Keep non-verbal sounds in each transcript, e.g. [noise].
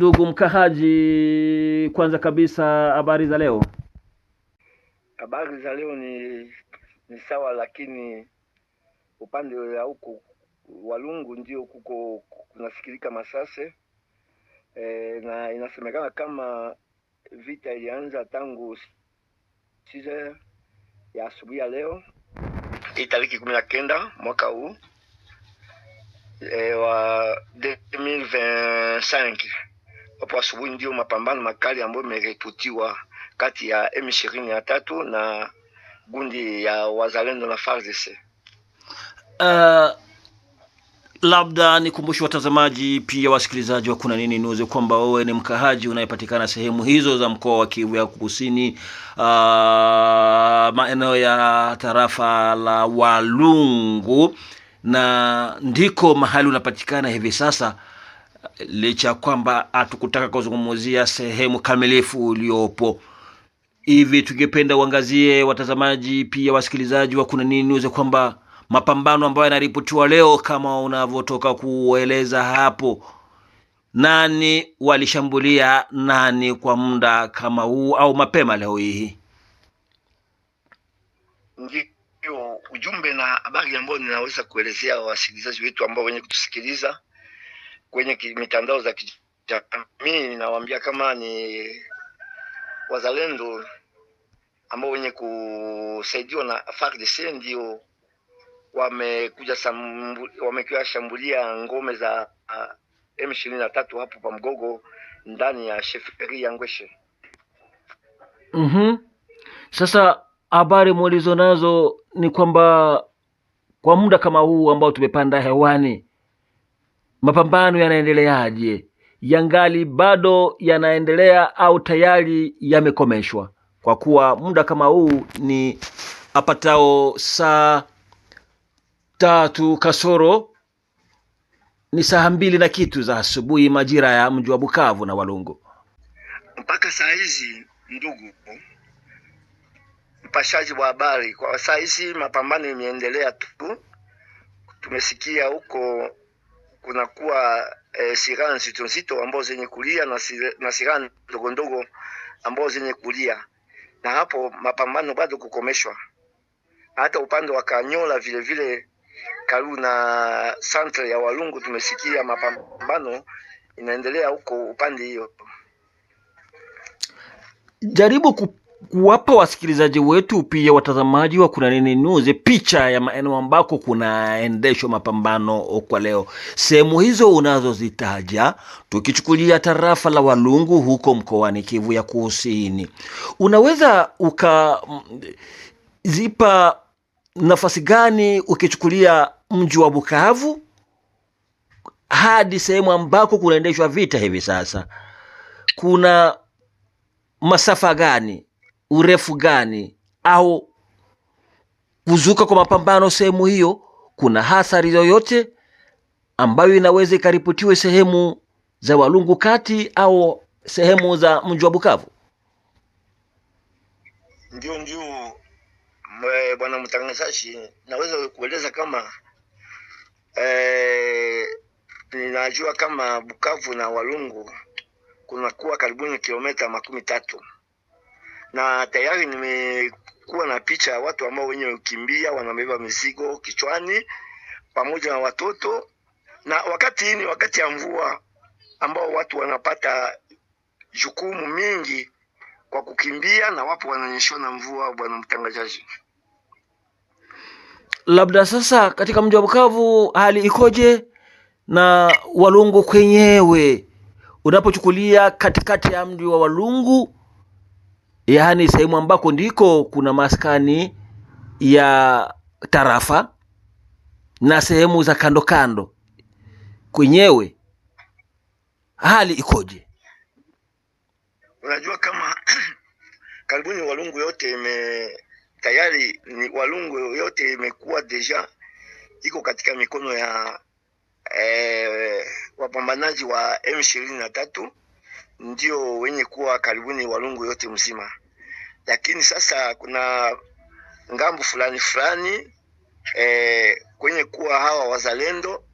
ndugu Mkahaji, kwanza kabisa habari za leo? Habari za leo ni ni sawa, lakini upande wa huku Walungu ndio kuko kunasikilika masase e, na inasemekana kama vita ilianza tangu sita ya asubuhi ya leo hii tariki kumi na kenda mwaka huu e, wa 2025 hapo asubuhi ndio mapambano makali ambayo imeripotiwa kati ya M23 na tatu na gundi ya wazalendo na FARDC. E. Uh, labda nikumbushe watazamaji pia wasikilizaji wa Kuna Nini News kwamba wewe ni mkahaji unayepatikana sehemu hizo za mkoa wa Kivu ya Kusini, uh, maeneo ya tarafa la Walungu, na ndiko mahali unapatikana hivi sasa licha ya kwamba hatukutaka kuzungumzia sehemu kamilifu uliopo hivi. Tungependa uangazie, watazamaji pia wasikilizaji wa Kuna Nini, uze kwamba mapambano ambayo yanaripotiwa leo kama unavyotoka kueleza hapo, nani walishambulia nani kwa muda kama huu au mapema leo hii? Ndio ujumbe na habari ambayo ninaweza kuelezea wasikilizaji wetu ambao wenye kutusikiliza kwenye mitandao za kijamii, ninawaambia kama ni wazalendo ambao wenye kusaidiwa na FARDC ndio wamekuja wamekuja shambulia ngome za uh, M23 hapo pa Mgogo ndani ya sheferi ya Ngweshe. mm -hmm. Sasa habari mulizo nazo ni kwamba kwa muda kama huu ambao tumepanda hewani Mapambano yanaendeleaje? Yangali bado yanaendelea au tayari yamekomeshwa? Kwa kuwa muda kama huu ni apatao saa tatu kasoro ni saa mbili na kitu za asubuhi majira ya mji wa Bukavu na Walungu. Mpaka saa hizi, ndugu mpashaji wa habari, kwa saa hizi mapambano imeendelea tu. Tumesikia huko kunakuwa e, silaha nzito nzito ambazo zenye kulia na silaha ndogo ndogo ambazo zenye kulia, na hapo mapambano bado kukomeshwa. Hata upande wa Kanyola vile vile karibu na santre ya Walungu tumesikia mapambano inaendelea huko upande hiyo. Jaribu kup kuwapa wasikilizaji wetu pia watazamaji wa Kuna Nini News picha ya maeneo ambako kunaendeshwa mapambano kwa leo. Sehemu hizo unazozitaja, tukichukulia tarafa la Walungu huko mkoani Kivu ya Kusini, unaweza ukazipa mm, nafasi gani ukichukulia mji wa Bukavu hadi sehemu ambako kunaendeshwa vita hivi sasa, kuna masafa gani? urefu gani au kuzuka kwa mapambano sehemu hiyo, kuna hasari yoyote ambayo inaweza ikaripotiwe sehemu za Walungu kati au sehemu za mji wa Bukavu? Ndio, ndio bwana mtangazaji, naweza kueleza kama eh, ninajua kama Bukavu na Walungu kunakuwa karibuni kilomita makumi tatu na tayari nimekuwa na picha ya watu ambao wenye kukimbia wanabeba mizigo kichwani pamoja na watoto, na wakati ni wakati ya mvua ambao watu wanapata jukumu mingi kwa kukimbia na wapo wananyeshwa na mvua. Bwana mtangazaji, labda sasa katika mji wa Bukavu hali ikoje na Walungu kwenyewe unapochukulia katikati ya mji wa Walungu yaani sehemu ambako ndiko kuna maskani ya tarafa na sehemu za kando kando kwenyewe hali ikoje? Unajua kama [clears throat] karibuni Walungu yote ime tayari ni Walungu yote imekuwa deja iko katika mikono ya eh, wapambanaji wa M ishirini na tatu ndio wenye kuwa karibuni Walungu yote mzima, lakini sasa kuna ngambo fulani fulani e, kwenye kuwa hawa wazalendo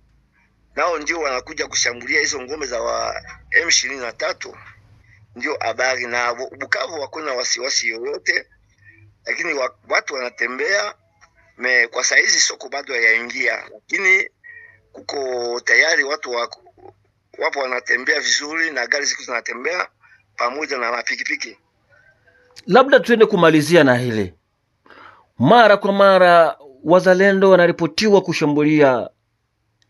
nao ndio wanakuja kushambulia hizo ngome za wa M23. Ndio habari na Bukavu hakuna wasiwasi yoyote, lakini watu wanatembea me, kwa saizi soko bado hayaingia, lakini kuko tayari watu wako wapo wanatembea vizuri na gari ziko zinatembea pamoja na mapikipiki. Labda tuende kumalizia na hili, mara kwa mara wazalendo wanaripotiwa kushambulia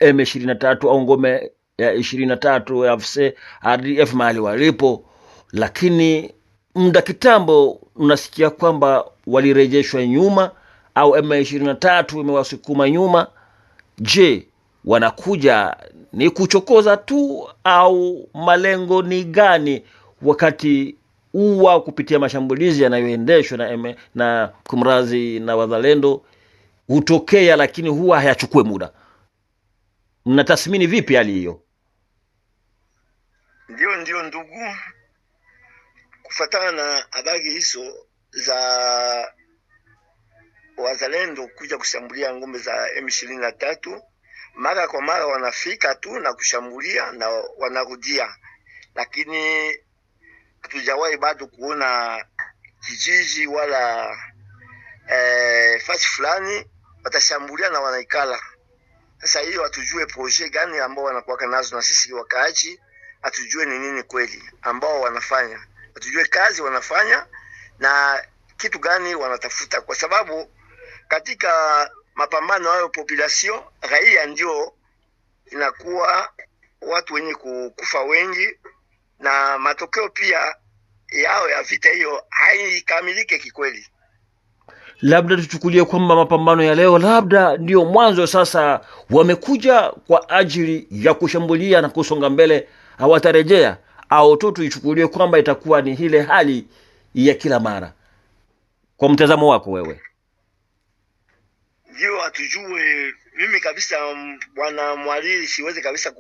M23 au ngome ya ishirini na tatu AFC RDF mahali walipo, lakini muda kitambo unasikia kwamba walirejeshwa nyuma au M23 imewasukuma nyuma. Je, wanakuja ni kuchokoza tu au malengo ni gani wakati uwa kupitia mashambulizi yanayoendeshwa na, na kumrazi na wazalendo hutokea, lakini huwa hayachukue muda. Mnatathmini vipi hali hiyo? Ndio, ndio ndugu, kufatana na habari hizo za wazalendo kuja kushambulia ngome za M ishirini na tatu mara kwa mara wanafika tu na kushambulia na wanarudia, lakini hatujawahi bado kuona kijiji wala e, fasi fulani watashambulia na wanaikala. Sasa hiyo hatujue proje gani ambao wanakuwaka nazo, na sisi wakaaji hatujue ni nini kweli ambao wanafanya, hatujue kazi wanafanya na kitu gani wanatafuta, kwa sababu katika mapambano hayo population raia ndio inakuwa watu wenye kukufa wengi, na matokeo pia yao ya vita hiyo haikamilike kikweli. Labda tuchukulie kwamba mapambano ya leo labda ndiyo mwanzo. Sasa wamekuja kwa ajili ya kushambulia na kusonga mbele, hawatarejea au tu tuichukulie kwamba itakuwa ni ile hali ya kila mara. Kwa mtazamo wako wewe? jio hatujue. Mimi kabisa mm, bwana mwalili siwezi kabisa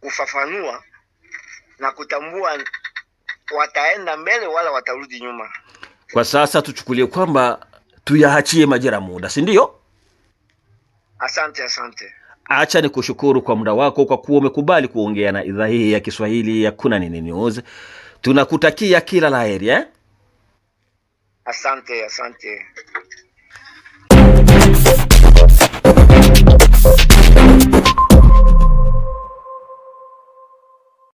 kufafanua na kutambua wataenda mbele wala watarudi nyuma. Kwa sasa tuchukulie kwamba tuyaachie majira muda, si ndio? Asante, asante. Acha kushukuru kwa muda wako, kwa kuwa umekubali kuongea na idhaa hii ya Kiswahili ya Kuna Nini News. Tunakutakia kila laheri eh? Asante, asante.